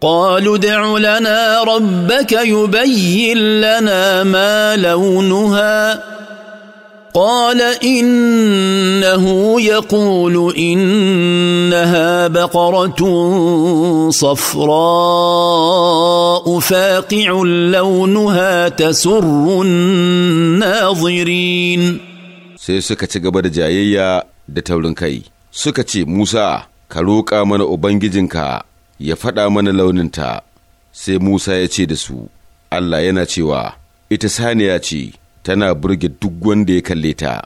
قالوا ادع لنا ربك يبين لنا ما لونها قال انه يقول انها بقره صفراء فاقع لونها تسر الناظرين sai suka ci gaba da jayayya da taurin kai suka ce musa ka roƙa mana ubangijinka ya faɗa mana launinta sai Musa ya ce da su, Allah yana cewa, ita saniya ce tana burge duk wanda ya kalle ta.